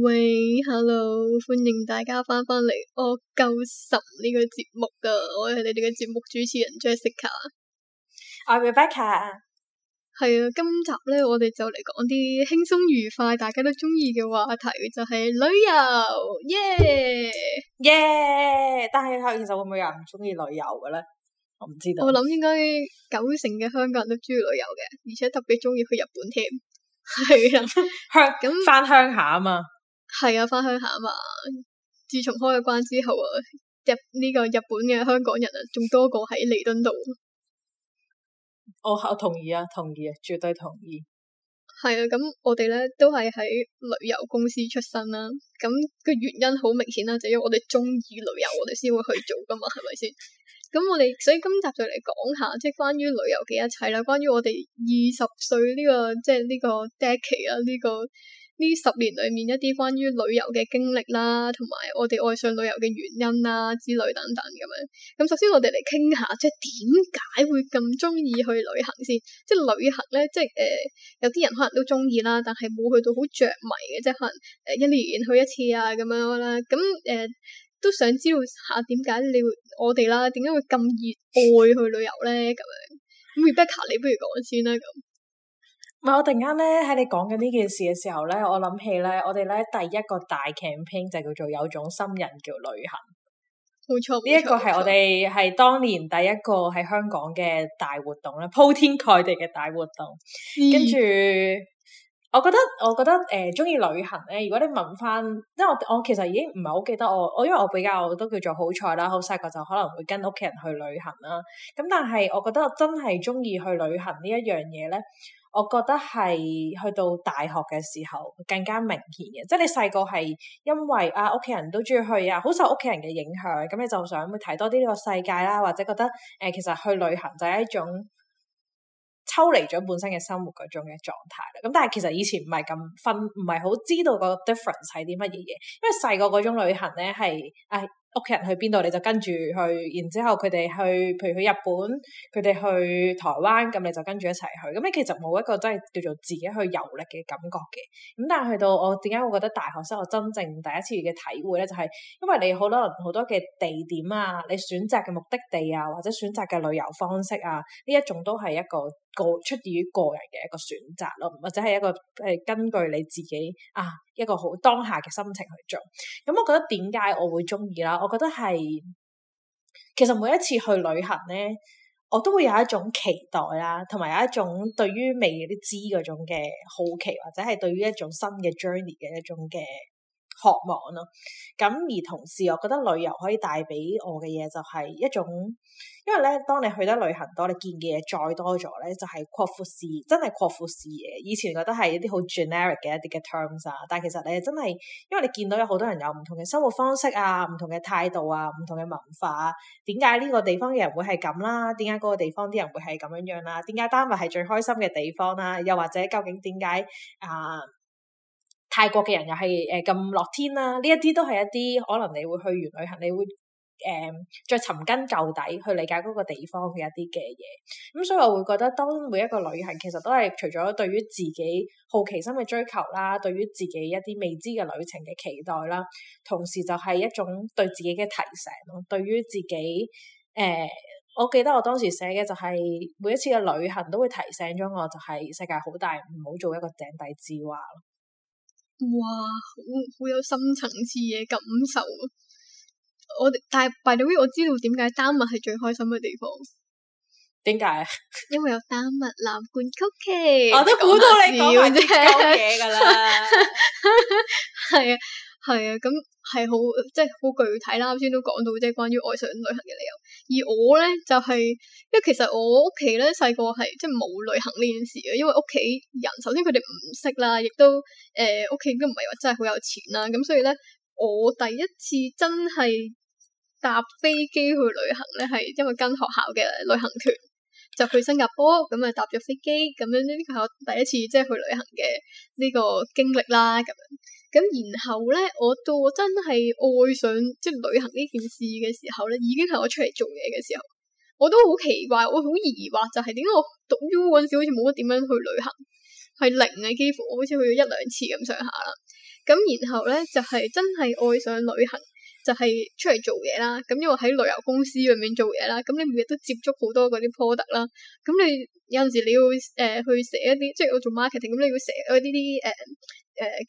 喂，hello，歡迎大家翻返嚟《我救神》呢個節目噶，我係你哋嘅節目主持人 Jessica，I'm Rebecca，係啊，今集咧我哋就嚟講啲輕鬆愉快，大家都中意嘅話題，就係旅遊，yeah，yeah，但係其實會唔會有人唔中意旅遊嘅咧？我唔知道，我諗應該九成嘅香港人都中意旅遊嘅，而且特別中意去日本添，係啊 的，咁翻鄉下啊嘛。係啊，翻鄉下啊嘛！自從開咗關之後啊，日呢、這個日本嘅香港人啊，仲多過喺彌敦道。我我同意啊，同意啊，絕對同意。係啊，咁我哋咧都係喺旅遊公司出身啦、啊。咁、那、嘅、個、原因好明顯啦、啊，就是、因為我哋中意旅遊，我哋先會去做噶嘛，係咪先？咁我哋所以今集就嚟講下，即係關於旅遊嘅一切啦。關於我哋二十歲呢個即係呢個 decade 啊呢個。即呢十年裏面一啲關於旅遊嘅經歷啦，同埋我哋愛上旅遊嘅原因啦之類等等咁樣。咁、嗯、首先我哋嚟傾下，即係點解會咁中意去旅行先？即係旅行咧，即係誒、呃，有啲人可能都中意啦，但係冇去到好着迷嘅即係，可能誒、呃、一年去一次啊咁樣啦。咁誒、嗯呃，都想知道下點解你會我哋啦，點解會咁熱愛去旅遊咧？咁樣，咁 Rebecca 你不如講先啦咁。唔係，我突然間咧喺你講緊呢件事嘅時候咧，我諗起咧，我哋咧第一個大 campaign 就叫做有種心癮叫旅行。冇錯，呢一錯個係我哋係當年第一個喺香港嘅大活動啦，鋪天蓋地嘅大活動，跟住。嗯我覺得我覺得誒中意旅行咧，如果你問翻，因為我我其實已經唔係好記得我我，因為我比較我都叫做好彩啦，好細個就可能會跟屋企人去旅行啦。咁但係我覺得我真係中意去旅行呢一樣嘢咧，我覺得係去到大學嘅時候更加明顯嘅，即係你細個係因為啊屋企人都中意去啊，好受屋企人嘅影響，咁你就想會睇多啲呢個世界啦、啊，或者覺得誒、呃、其實去旅行就係一種。抽離咗本身嘅生活嗰種嘅狀態啦，咁但係其實以前唔係咁分，唔係好知道個 difference 係啲乜嘢嘢，因為細個嗰種旅行咧係，係、哎。屋企人去邊度你就跟住去，然之後佢哋去，譬如去日本，佢哋去台灣，咁你就跟住一齊去。咁你其實冇一個真係叫做自己去遊歷嘅感覺嘅。咁但係去到我點解會覺得大學生活真正第一次嘅體會咧，就係、是、因為你好多人好多嘅地點啊，你選擇嘅目的地啊，或者選擇嘅旅遊方式啊，呢一種都係一個個出自於個人嘅一個選擇咯、啊，或者係一個誒根據你自己啊。一個好當下嘅心情去做咁，我覺得點解我會鍾意啦？我覺得係其實每一次去旅行咧，我都會有一種期待啦，同埋有，有一種對於未嗰啲知嗰種嘅好奇，或者係對於一種新嘅 journey 嘅一種嘅。渴望咯，咁而同時，我覺得旅遊可以帶俾我嘅嘢就係一種，因為咧，當你去得旅行多，你見嘅嘢再多咗咧，就係擴闊視，真係擴闊視野。以前覺得係一啲好 generic、er、嘅一啲嘅 terms 啊，但係其實你真係，因為你見到有好多人有唔同嘅生活方式啊，唔同嘅態度啊，唔同嘅文化啊，點解呢個地方嘅人會係咁啦？點解嗰個地方啲人會係咁樣樣、啊、啦？點解丹麥係最開心嘅地方啦、啊？又或者究竟點解啊？呃泰國嘅人又係誒咁樂天啦、啊，呢一啲都係一啲可能你會去完旅行，你會誒再尋根究底去理解嗰個地方嘅一啲嘅嘢。咁、嗯、所以我會覺得，當每一個旅行其實都係除咗對於自己好奇心嘅追求啦，對於自己一啲未知嘅旅程嘅期待啦，同時就係一種對自己嘅提醒咯。對於自己誒、呃，我記得我當時寫嘅就係每一次嘅旅行都會提醒咗我，就係、是、世界好大，唔好做一個井底之蛙咯。哇，好好有深層次嘅感受啊！我哋但係 by the way，我知道點解丹麥係最開心嘅地方。點解？因為有丹麥藍罐曲奇。我都估到你講埋啲膠嘢噶啦。係 啊，係啊，咁。係好即係好具體啦，啱先都講到即係關於愛上旅行嘅理由。而我咧就係、是，因為其實我屋企咧細個係即係冇旅行呢件事嘅，因為屋企人首先佢哋唔識啦，亦都誒屋企都唔係話真係好有錢啦，咁所以咧我第一次真係搭飛機去旅行咧係因為跟學校嘅旅行團。就去新加坡咁啊、嗯，搭咗飛機咁樣咧，呢個係我第一次即係去旅行嘅呢個經歷啦，咁、嗯、樣。咁然後咧，我到我真係愛上即係旅行呢件事嘅時候咧，已經係我出嚟做嘢嘅時候，我都好奇怪，我好疑惑，就係點解我讀 U 嗰陣時好似冇乜點樣去旅行，係零啊幾乎，我好似去咗一兩次咁上下啦。咁、嗯、然後咧，就係、是、真係愛上旅行。就係出嚟做嘢啦，咁因為喺旅遊公司裏面做嘢啦，咁你每日都接觸好多嗰啲 product 啦，咁你有陣時你要誒、呃、去寫一啲，即、就、係、是、我做 marketing 咁你要寫一啲啲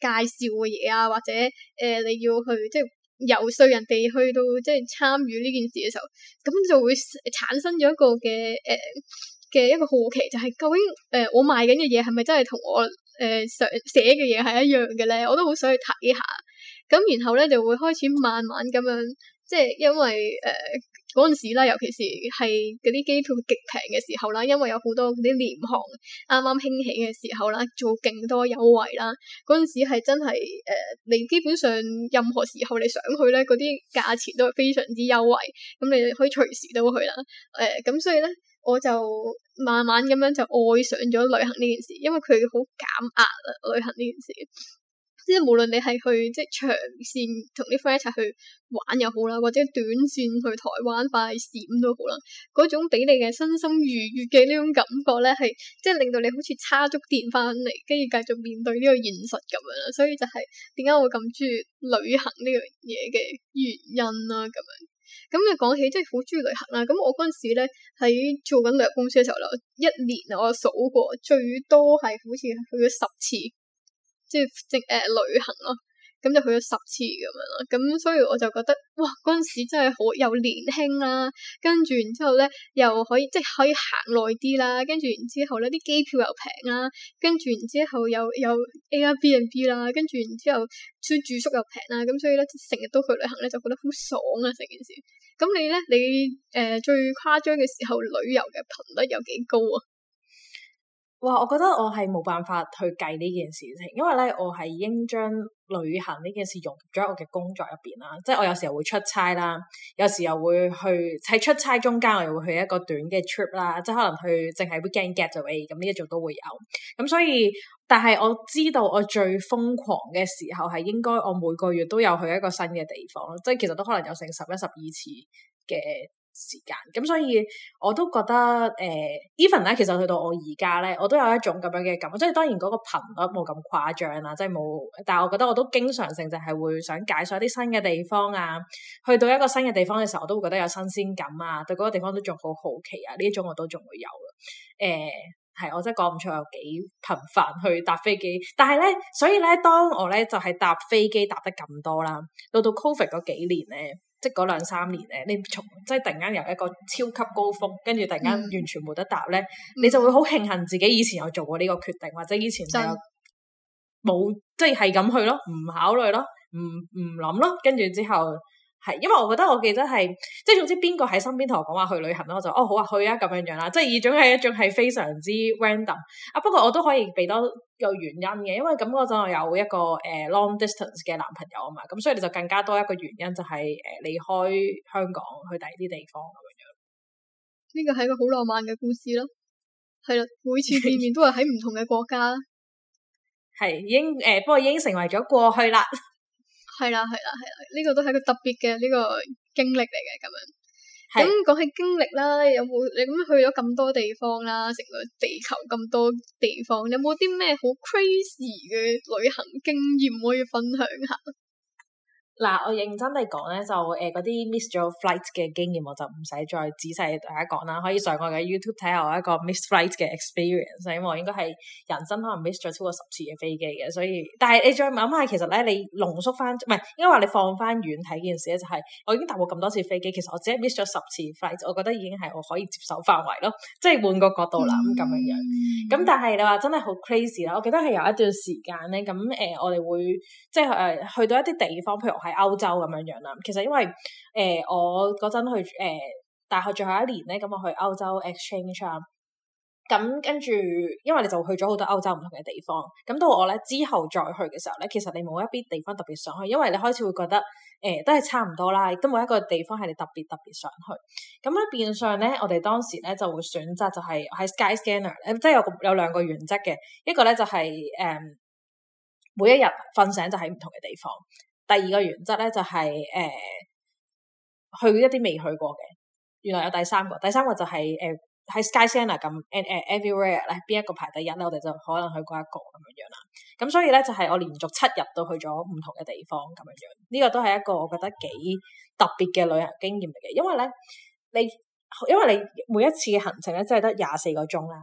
誒誒介紹嘅嘢啊，或者誒、呃、你要去即係遊說人哋去到即係參與呢件事嘅時候，咁就會產生咗一個嘅誒嘅一個好奇，就係、是、究竟誒、呃、我賣緊嘅嘢係咪真係同我誒想、呃、寫嘅嘢係一樣嘅咧？我都好想去睇下。咁然後咧就會開始慢慢咁樣，即係因為誒嗰陣時啦，尤其是係嗰啲機票極平嘅時候啦，因為有好多嗰啲廉航啱啱興起嘅時候啦，做勁多優惠啦。嗰陣時係真係誒、呃，你基本上任何時候你想去咧，嗰啲價錢都係非常之優惠，咁你可以隨時都去啦。誒、呃、咁所以咧，我就慢慢咁樣就愛上咗旅行呢件事，因為佢好減壓啦，旅行呢件事。即係無論你係去即係長線同啲 friend 一齊去玩又好啦，或者短線去台灣快閃都好啦，嗰種畀你嘅身心愉悅嘅呢種感覺咧，係即係令到你好似叉足電翻嚟，跟住繼續面對呢個現實咁樣啦。所以就係點解我咁中意旅行呢樣嘢嘅原因啦，咁樣咁你講起即係好中意旅行啦。咁我嗰陣時咧喺做緊旅遊公司嘅時候咧，一年我數過最多係好似去咗十次。即係即誒旅行咯，咁就去咗十次咁樣咯，咁所以我就覺得哇，嗰陣時真係好又年輕啦、啊，跟住然之後咧又可以即係可以行耐啲啦，跟住然之後咧啲機票又平啦、啊，跟住然之後又有 Airbnb 啦、啊，跟住然之後雖然住宿又平啦、啊，咁所以咧成日都去旅行咧就覺得好爽啊成件事。咁你咧，你誒、呃、最誇張嘅時候旅遊嘅頻率有幾高啊？哇！我覺得我係冇辦法去計呢件事情，因為咧我係已經將旅行呢件事融合咗喺我嘅工作入邊啦。即係我有時候會出差啦，有時候會去喺出差中間，我又會去一個短嘅 trip 啦。即係可能去淨係 weekend gap 就誒咁呢一種都會有。咁所以，但係我知道我最瘋狂嘅時候係應該我每個月都有去一個新嘅地方咯。即係其實都可能有成十一十二次嘅。時間咁，所以我都覺得誒，even 咧，其實去到我而家咧，我都有一種咁樣嘅感覺，即係當然嗰個頻率冇咁誇張啦，即係冇，但係我覺得我都經常性就係會想介紹一啲新嘅地方啊，去到一個新嘅地方嘅時候，我都會覺得有新鮮感啊，對嗰個地方都仲好好奇啊，呢種我都仲會有啦、啊。誒、呃，係我真係講唔出有幾頻繁去搭飛機，但係咧，所以咧，當我咧就係、是、搭飛機搭得咁多啦，到到 COVID 嗰幾年咧。即係嗰兩三年咧，你從即係突然間有一個超級高峰，跟住突然間完全冇得答咧，嗯、你就會好慶幸自己以前有做過呢個決定，或者以前就冇真即係係咁去咯，唔考慮咯，唔唔諗咯，跟住之後。係，因為我覺得我記得係，即係總之邊個喺身邊同我講話去旅行啦，我就哦好啊，去啊，咁樣樣啦，即係二種係一種係非常之 random 啊。不過我都可以俾多個原因嘅，因為咁嗰陣我有一個誒、呃、long distance 嘅男朋友啊嘛，咁所以你就更加多一個原因就係誒離開香港去第二啲地方咁樣。呢個係一個好浪漫嘅故事咯，係啦，每次見面都係喺唔同嘅國家。係， 已經誒、呃，不過已經成為咗過去啦。係啦，係啦，係啦，呢個都係一個特別嘅呢個經歷嚟嘅咁樣。咁講起經歷啦，有冇你咁去咗咁多地方啦，成個地球咁多地方，有冇啲咩好 crazy 嘅旅行經驗可以分享下？嗱，我認真地講咧，就誒嗰、呃、啲 miss 咗 flight 嘅經驗，我就唔使再仔細大家講啦。可以上我嘅 YouTube 睇下我一個 miss flight 嘅 experience，因為我應該係人生可能 miss 咗超過十次嘅飛機嘅，所以但係你再諗下，其實咧你濃縮翻，唔、呃、係應該話你放翻遠睇件事咧，就係、是、我已經搭過咁多次飛機，其實我只係 miss 咗十次 flight，我覺得已經係我可以接受範圍咯，即、就、係、是、換個角度啦咁咁樣樣。咁、嗯、但係你話真係好 crazy 啦，我記得係有一段時間咧，咁誒、呃、我哋會即係誒、呃、去到一啲地方，譬如係歐洲咁樣樣啦，其實因為誒、呃、我嗰陣去誒、呃、大學最後一年咧，咁我去歐洲 exchange 啊，咁跟住，因為你就去咗好多歐洲唔同嘅地方，咁到我咧之後再去嘅時候咧，其實你冇一啲地方特別想去，因為你開始會覺得誒、呃、都係差唔多啦，都冇一個地方係你特別特別想去。咁咧變相咧，我哋當時咧就會選擇就係喺 SkyScanner，即係有有兩個原則嘅，一個咧就係、是、誒、嗯、每一日瞓醒就喺唔同嘅地方。第二個原則咧就係、是、誒、呃、去一啲未去過嘅，原來有第三個，第三個就係誒喺 SkyScanner 咁誒 Everywhere 咧邊一個排第一咧，我哋就可能去過一個咁樣樣啦。咁所以咧就係、是、我連續七日都去咗唔同嘅地方咁樣樣，呢、這個都係一個我覺得幾特別嘅旅行經驗嚟嘅，因為咧你因為你每一次嘅行程咧即係得廿四個鐘啦。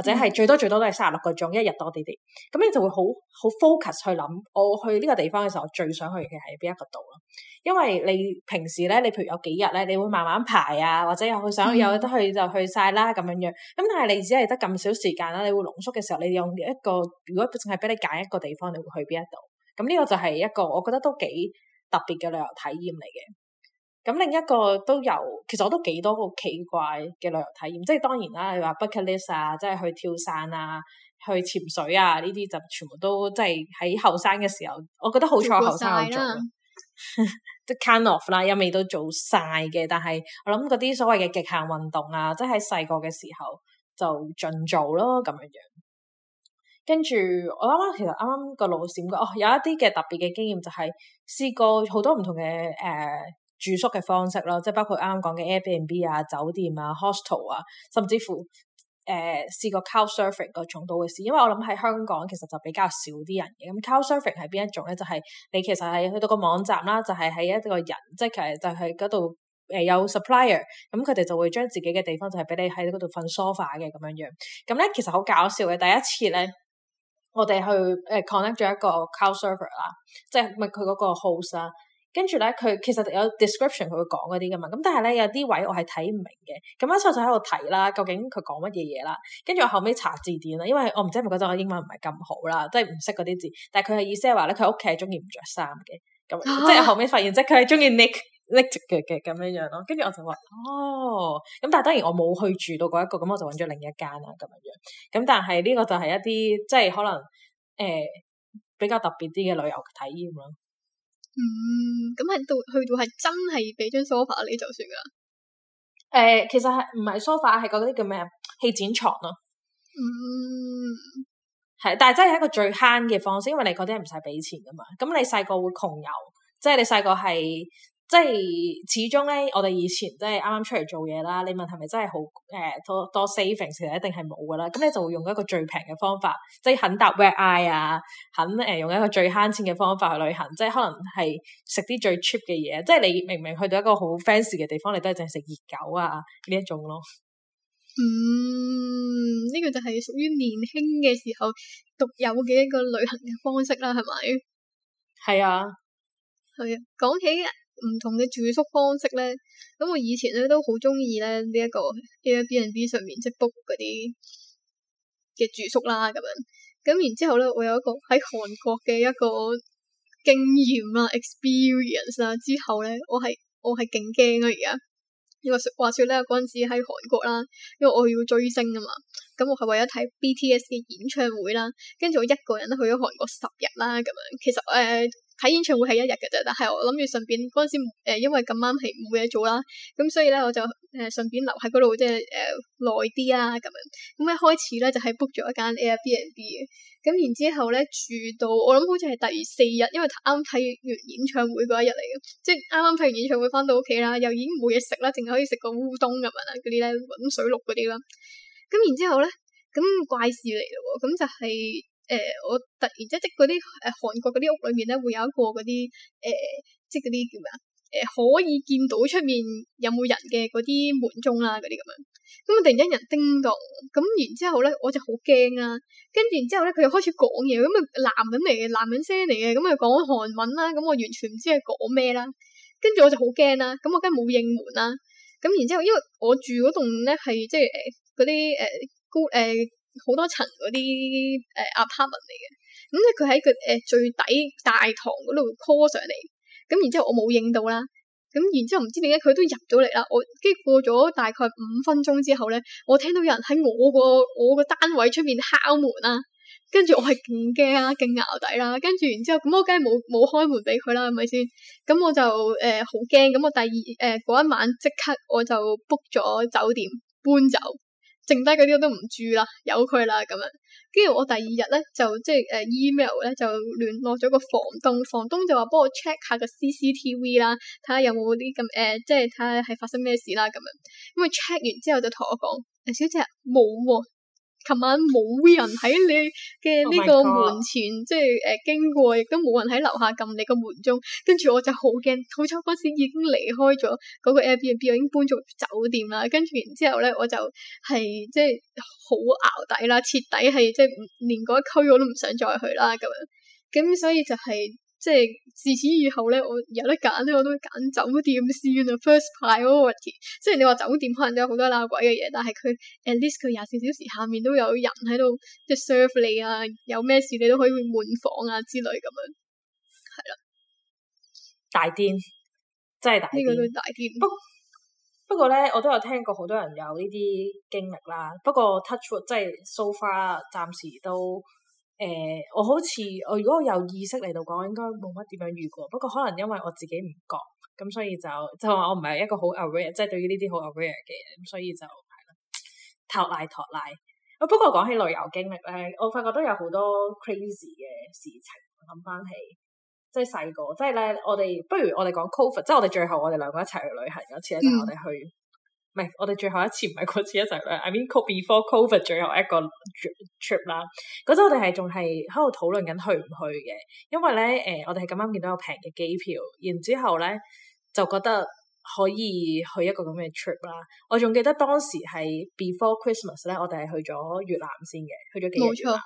或者係最多最多都係三十六個鐘，一日多啲啲咁你就會好好 focus 去諗。我去呢個地方嘅時候，我最想去嘅係邊一個度咯。因為你平時咧，你譬如有幾日咧，你會慢慢排啊，或者又好想有得去就去晒啦咁樣樣。咁但係你只係得咁少時間啦，你會濃縮嘅時候，你用一個如果淨係俾你揀一個地方，你會去邊一度？咁呢個就係一個我覺得都幾特別嘅旅遊體驗嚟嘅。咁另一個都有。其實我都幾多個奇怪嘅旅遊體驗，即係當然啦。你話 bucket list 啊，即係去跳傘啊，去潛水啊，呢啲就全部都即係喺後生嘅時候，我覺得好彩後生做即 cut off 啦，因未都做晒嘅。但係我諗嗰啲所謂嘅極限運動啊，即係喺細個嘅時候就盡做咯咁樣樣。跟住我啱啱其實啱啱個路線，哦，有一啲嘅特別嘅經驗，就係試過好多唔同嘅誒。住宿嘅方式咯，即係包括啱啱講嘅 Airbnb 啊、酒店啊、hostel 啊，甚至乎誒試、呃、過 cow surfing 個、啊、重度嘅事，因為我諗喺香港其實就比較少啲人嘅。咁、嗯、cow surfing 係邊一種咧？就係、是、你其實係去到個網站啦，就係、是、喺一個人，即係其實就係嗰度誒有 supplier，咁、嗯、佢哋就會將自己嘅地方就係俾你喺嗰度瞓 sofa 嘅咁樣樣。咁、嗯、咧其實好搞笑嘅，第一次咧我哋去誒、呃、connect 咗一個 cow surfer 啦，即係咪佢嗰個 house 啊？跟住咧，佢其實有 description，佢會講嗰啲噶嘛。咁但係咧，有啲位我係睇唔明嘅。咁一初就喺度睇啦，究竟佢講乜嘢嘢啦？跟住我後尾查字典啦，因為我唔知係咪覺得我英文唔係咁好啦，即係唔識嗰啲字。但係佢嘅意思係話咧，佢屋企係中意唔着衫嘅。咁、啊、即係後尾發現，即係佢係中意 nick nick 嘅嘅咁樣樣咯。跟住我就話，哦，咁但係當然我冇去住到嗰一個，咁我就揾咗另一間啦咁樣。咁但係呢個就係一啲即係可能誒、呃、比較特別啲嘅旅遊體驗咯。嗯，咁係到去到係真係俾張 sofa 你就算啦。誒、呃，其實係唔係 sofa，係嗰啲叫咩？氣墊床咯。嗯，係，但係真係一個最慳嘅方式，因為你嗰啲係唔使俾錢噶嘛。咁你細個會窮遊，即係你細個係。即係始終咧，我哋以前即係啱啱出嚟做嘢啦。你問係咪真係好誒、呃、多多 savings？其實一定係冇噶啦。咁你就會用一個最平嘅方法，即係肯搭 red eye 啊，肯誒、呃、用一個最慳錢嘅方法去旅行。即係可能係食啲最 cheap 嘅嘢。即係你明明去到一個好 fancy 嘅地方，你都係淨係食熱狗啊呢一種咯。嗯，呢、這個就係屬於年輕嘅時候獨有嘅一個旅行嘅方式啦，係咪？係是啊。係啊，講起。唔同嘅住宿方式咧，咁我以前咧都好鍾意咧呢一、這個呢、這個 B＆B 上面即 book 嗰啲嘅住宿啦，咁樣，咁然之後咧我有一個喺韓國嘅一個經驗啊，experience 啊，之後咧，我係我係勁驚啊而家，因為話說咧嗰陣時喺韓國啦，因為我要追星啊嘛。咁我係為咗睇 BTS 嘅演唱會啦，跟住我一個人去咗韓國十日啦，咁樣其實誒睇、呃、演唱會係一日嘅咋，但係我諗住順便嗰陣時、呃、因為咁啱係冇嘢做啦，咁所以咧我就誒、呃、順便留喺嗰度，即係誒耐啲啦，咁樣咁一開始咧就係 book 咗一間 Air B and B 嘅，咁然之後咧住到我諗好似係第四日，因為啱啱睇完演唱會嗰一日嚟嘅，即係啱啱睇完演唱會翻到屋企啦，又已經冇嘢食啦，淨係可以食個烏冬咁樣啦，嗰啲咧滾水碌嗰啲啦。咁然之後咧，咁怪事嚟咯喎！咁就係、是、誒、呃，我突然之間，即嗰啲誒韓國嗰啲屋裏面咧，會有一個嗰啲誒，即係嗰啲叫咩啊？誒、呃、可以見到出面有冇人嘅嗰啲門鐘啦、啊，嗰啲咁樣。咁我突然之間人叮到，咁然之後咧，我就好驚啦。跟住然之後咧，佢又開始講嘢，咁啊男人嚟嘅男人聲嚟嘅，咁啊講韓文啦，咁我完全唔知佢講咩啦。跟住我就好驚啦，咁我梗係冇應門啦。咁然之後，因為我住嗰棟咧係即係誒。呃嗰啲誒高誒好、呃、多層嗰啲誒 apartment 嚟嘅，咁咧佢喺佢誒最底大堂嗰度 call 上嚟，咁然之後我冇應到啦，咁然之後唔知點解佢都入到嚟啦，我經過咗大概五分鐘之後咧，我聽到有人喺我個我個單位出邊敲門啦，跟住我係勁驚啊，勁淆底啦，跟住然之後咁我梗係冇冇開門俾佢啦，係咪先？咁我就誒好驚，咁、呃、我第二誒、呃、嗰一晚即刻我就 book 咗酒店搬走。剩低嗰啲我都唔住啦，由佢啦咁樣。跟住我第二日呢就即係、呃、誒 email 呢就聯絡咗個房東，房東就話幫我 check 下個 CCTV 啦，睇下有冇啲咁誒，即係睇下係發生咩事啦咁樣。咁佢 check 完之後就同我講， 小姐冇喎。沒有哦琴晚冇人喺你嘅呢個門前，oh、my 即係、呃、經過，亦都冇人喺樓下撳你個門鐘，跟住我就好驚，好彩嗰時已經離開咗嗰個 Airbnb，已經搬咗酒店啦，跟住然之後咧，我就係、是、即係好淆底啦，徹底係即係連嗰一區我都唔想再去啦咁樣，咁所以就係、是。即係自此以後咧，我有得揀咧，我都揀酒店先啦。First priority，即係你話酒店可能都有好多鬧鬼嘅嘢，但係佢 at least 佢廿四小時下面都有人喺度，即係 serve 你啊，有咩事你都可以去換房啊之類咁樣，係啦。大癲真係大呢個都大癲。不過咧，我都有聽過好多人有呢啲經歷啦。不過 touch wood 即係 so far，暫時都。誒、呃，我好似我如果我有意識嚟到講，應該冇乜點樣遇過。不過可能因為我自己唔覺，咁所以就就話我唔係一個好 aware，即係對於呢啲好 aware 嘅嘢。咁所以就係啦，托賴托賴。啊，不過講起旅遊經歷咧，我發覺都有好多 crazy 嘅事情諗返起，即係細個，即係咧，我哋不如我哋講 COVID，即係我哋最後我哋兩個一齊去旅行嗰次咧，就係我哋去。嗯我哋最後一次唔係嗰次一齊咧，I mean before COVID 最後一個 trip, trip 啦。嗰陣我哋係仲係喺度討論緊去唔去嘅，因為咧誒、呃，我哋係咁啱見到有平嘅機票，然之後咧就覺得可以去一個咁嘅 trip 啦。我仲記得當時係 before Christmas 咧，我哋係去咗越南先嘅，去咗幾日。冇錯。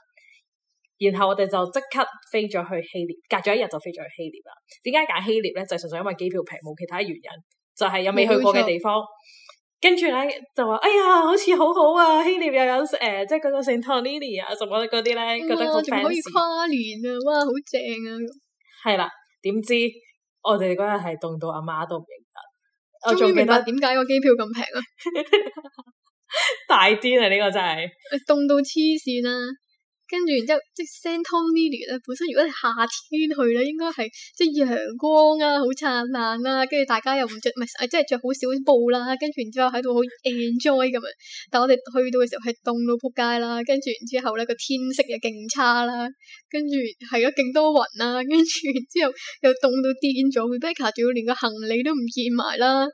然後我哋就即刻飛咗去希臘，隔咗一日就飛咗去希臘啦。點解揀希臘咧？就係、純粹因為機票平，冇其他原因，就係、係、有未去過嘅地方。冇錯。跟住咧就話，哎呀，好似好好啊，希臘又有誒、呃，即係嗰個聖托里尼，什麼嗰啲咧，哇覺得好似可以跨年啊，哇，好正啊！係啦，點知我哋嗰日係凍到阿媽都唔認得。我終於明白點解個機票咁平啊。 大癲、呢個欸、啊！呢個真係。凍到黐線啊！跟住然之後，即係 Saint-Tropez 咧，本身如果你夏天去咧，應該係即係陽光啊，好燦爛啦。跟住大家又唔着，唔係即係着好少布啦。跟住然之後喺度好 enjoy 咁啊。但我哋去到嘅時候係凍到仆街啦。跟住然之後咧，個天色又勁差啦。跟住係啊，勁多雲啊。跟住之後又凍到癲咗，Rebecca 仲要連個行李都唔見埋啦。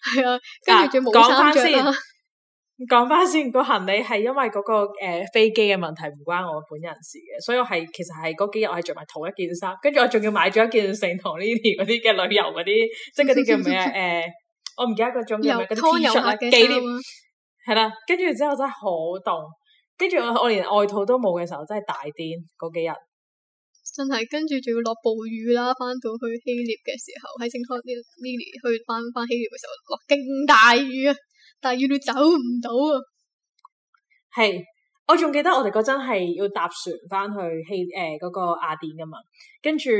係啊，跟住仲冇衫着啦。啊。先講翻先，個行李係因為嗰、那個誒、呃、飛機嘅問題唔關我本人事嘅，所以我係其實係嗰幾日我係着埋同一件衫，跟住我仲要買咗一件成堂 Lily 嗰啲嘅旅遊嗰啲，即係嗰啲叫咩誒、呃？我唔記得嗰種有咩，嗰啲由 T 恤啦，紀念係啦。跟住之後真係好凍，跟住我我連外套都冇嘅時候，真係大癲嗰幾日。真係，跟住仲要落暴雨啦、啊！翻到去希列嘅時候，喺聖托尼 Lily 去翻翻希列嘅時候，落勁大雨啊！但要你走唔到啊！係，我仲記得我哋嗰陣係要搭船翻去希誒，嗰個雅典噶嘛，跟住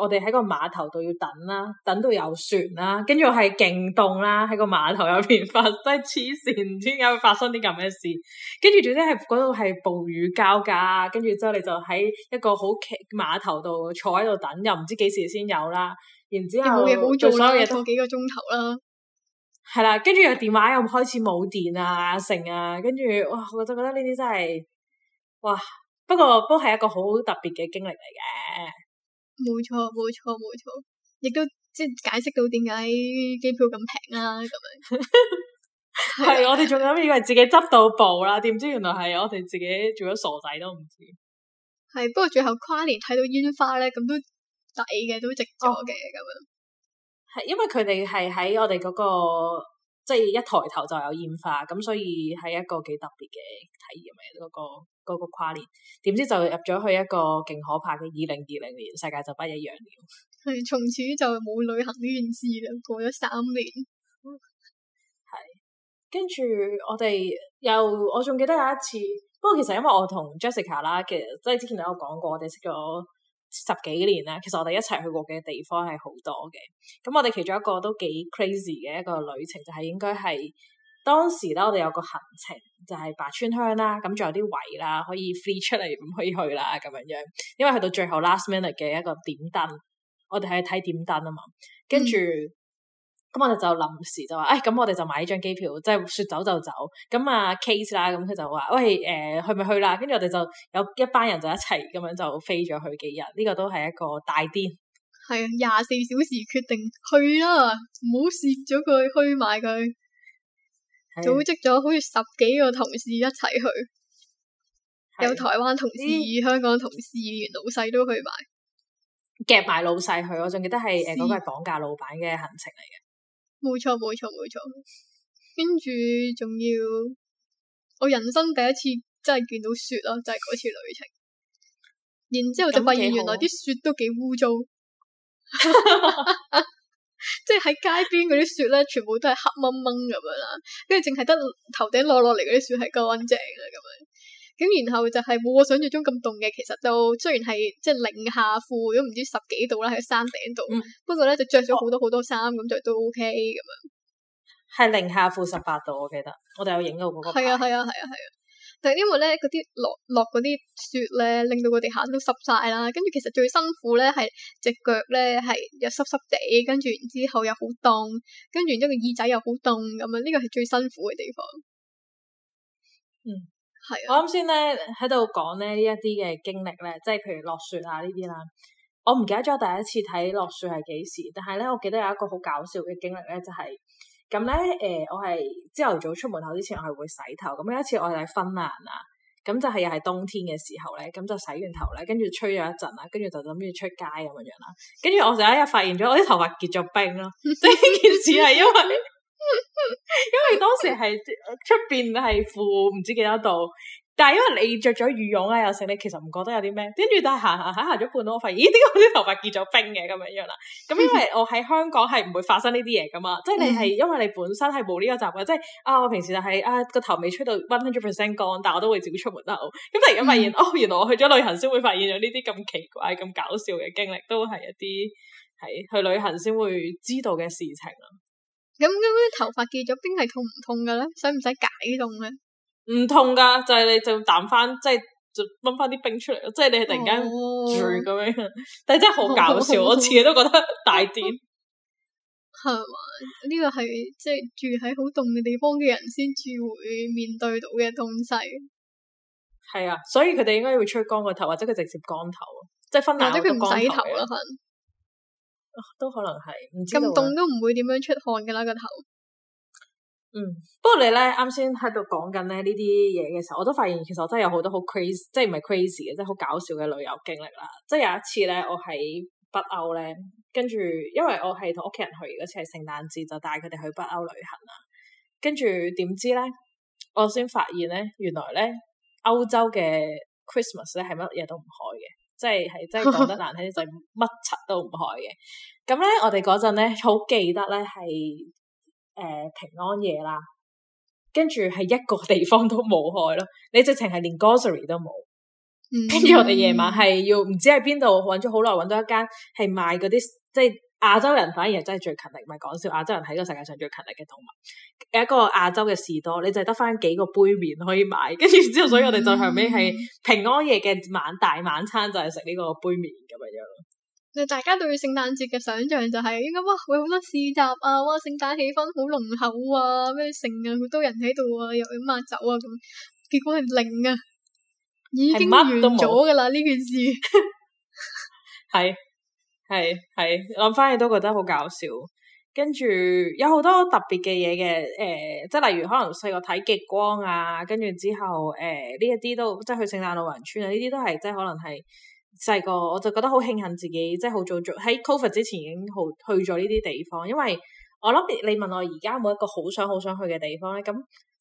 我哋喺個碼頭度要等啦，等到有船啦，跟住係勁凍啦，喺個碼頭入邊發生痴線，唔知點解會發生啲咁嘅事？跟住總之係嗰度係暴雨交加，跟住之後你就喺一個好騎碼頭度坐喺度等，又唔知幾時先有啦。然之後你冇嘢好做啦，又拖都幾個鐘頭啦。係啦，跟住又電話又開始冇電啊，成啊，跟住哇，我就覺得呢啲真係，哇！不過都係一個好特別嘅經歷嚟嘅。冇錯，冇錯，冇錯，亦都即係解釋到點解機票咁平啦，咁樣。係，我哋仲諗以為自己執到寶啦，點 知原來係我哋自己做咗傻仔都唔知。係，不過最後跨年睇到煙花咧，咁都抵嘅，都值咗嘅咁樣。Oh. 係，因為佢哋係喺我哋嗰個，即係一抬頭就有煙花，咁所以係一個幾特別嘅體驗嘅嗰個嗰個跨年。點知就入咗去一個勁可怕嘅二零二零年，世界就不一樣了。係 從此就冇旅行呢件事啦，過咗三年。係， 跟住我哋又我仲記得有一次，不過其實因為我同 Jessica 啦，其實即係之前都有講過，我哋識咗。十幾年啦，其實我哋一齊去過嘅地方係好多嘅。咁我哋其中一個都幾 crazy 嘅一個旅程，就係、是、應該係當時咧，我哋有個行程就係、是、白川鄉啦，咁仲有啲位啦，可以 free 出嚟唔可以去啦，咁樣樣。因為去到最後 last minute 嘅一個點燈，我哋係去睇點燈啊嘛，跟住。嗯咁我哋就臨時就話，誒、哎、咁我哋就買呢張機票，即係説走就走。咁啊 case 啦，咁佢就話，喂誒、呃、去咪去啦。跟住我哋就有一班人就一齊咁樣就飛咗去幾日。呢、這個都係一個大癲。係啊，廿四小時決定去啦，唔好蝕咗佢，去埋佢，啊、組織咗好似十幾個同事一齊去，啊、有台灣同事、嗯、香港同事、連老細都去埋，夾埋老細去。我仲記得係誒嗰個係綁架老闆嘅行程嚟嘅。冇錯冇錯冇錯，跟住仲要我人生第一次真係見到雪咯，就係嗰次旅程。然之後就發現原來啲雪都幾污糟，即係喺街邊嗰啲雪咧，全部都係黑掹掹咁樣啦，跟住淨係得頭頂落落嚟嗰啲雪係夠乾淨啊咁樣。咁然後就係、是、冇我想象中咁凍嘅，其實就雖然係即係零下負都唔知十幾度啦,喺山頂度，不過咧就着咗好多好多衫，咁就都 OK 咁樣。係零下負十八度，我記得我哋有影到嗰個。係啊係啊係啊係啊！但係因為咧嗰啲落落嗰啲雪咧，令到個地下都濕晒啦。跟住其實最辛苦咧係隻腳咧係又濕濕地，跟住然之後又好凍，跟住然之後個耳仔又好凍咁樣，呢、這個係最辛苦嘅地方。嗯。啊、我啱先咧喺度講咧呢一啲嘅經歷咧，即係譬如落雪啊呢啲啦。我唔記得咗第一次睇落雪係幾時，但係咧我記得有一個好搞笑嘅經歷咧，就係咁咧誒，我係朝頭早出門口之前，我係會洗頭。咁有一次我喺芬蘭啊，咁就係又係冬天嘅時候咧，咁就洗完頭咧，跟住吹咗一陣啊，跟住就諗住出街咁樣啦。跟住我就一日發現咗我啲頭髮結咗冰咯，即係件事係因為？ 因為當時係出邊係負唔知幾多度，但係因為你着咗羽絨啊，有時你其實唔覺得有啲咩，跟住但係行行行行咗半路，我發現咦，點解我啲頭髮結咗冰嘅咁樣樣啦？咁因為我喺香港係唔會發生呢啲嘢噶嘛，即係你係因為你本身係冇呢個習慣，嗯、即係啊，我平時就係、是、啊個頭未吹到 one hundred percent 乾，但我都會照出門口。咁突然間發現、嗯、哦，原來我去咗旅行先會發現咗呢啲咁奇怪、咁搞笑嘅經歷，都係一啲喺去旅行先會知道嘅事情啊！咁咁、嗯，啲頭髮結咗冰係痛唔痛噶咧？使唔使解凍咧？唔痛噶，就係、是、你就淡翻，即係就掹翻啲冰出嚟，即、就、係、是、你突然間住咁樣，哦、 但係真係好搞笑，我自己都覺得大點痛。係嘛、嗯？呢、這個係即係住喺好凍嘅地方嘅人先至會面對到嘅東西。係 啊，所以佢哋應該會吹乾個頭，或者佢直接乾頭，即係分頭，即係佢唔洗頭啦。都可能係唔知咁凍都唔會點樣出汗噶啦個頭。嗯， 不過你咧啱先喺度講緊咧呢啲嘢嘅時候，我都發現其實我真係有好多好 crazy，即係唔係 crazy 嘅，即係好搞笑嘅旅遊經歷啦。即係有一次咧，我喺北歐咧，跟住因為我係同屋企人去嗰次係聖誕節，就帶佢哋去北歐旅行啦。跟住點知咧，我先發現咧，原來咧歐洲嘅 Christmas 咧係乜嘢都唔開嘅。即係係真係講得難聽啲 就乜柒都唔開嘅，咁咧我哋嗰陣咧好記得咧係誒平安夜啦，跟住係一個地方都冇開咯，你直情係連 Grocery 都冇，跟住 我哋夜晚係要唔知喺邊度揾咗好耐揾到一間係賣嗰啲即係。亞洲人反而係真係最勤力，唔係講笑。亞洲人係個世界上最勤力嘅動物。有一個亞洲嘅士多，你就得翻幾個杯麵可以買，跟住之後，所以我哋最後尾係平安夜嘅晚大晚餐就係食呢個杯麵咁樣。誒、嗯，大家對聖誕節嘅想象就係、是、應該哇，會好多市集啊，哇，聖誕氣氛好濃厚啊，咩剩啊，好多人喺度啊，又飲啊酒啊咁。結果係零啊，已經完咗噶啦呢件事係。 係係諗翻，亦都覺得好搞笑。跟住有好多很特別嘅嘢嘅，誒、呃，即係例如可能細個睇極光啊，跟住之後誒呢一啲都即係去聖誕老人村啊，呢啲都係即係可能係細個，我就覺得好慶幸自己即係好早早，喺 COVID 之前已經好去咗呢啲地方，因為我諗你，你問我而家冇一個好想好想去嘅地方咧咁，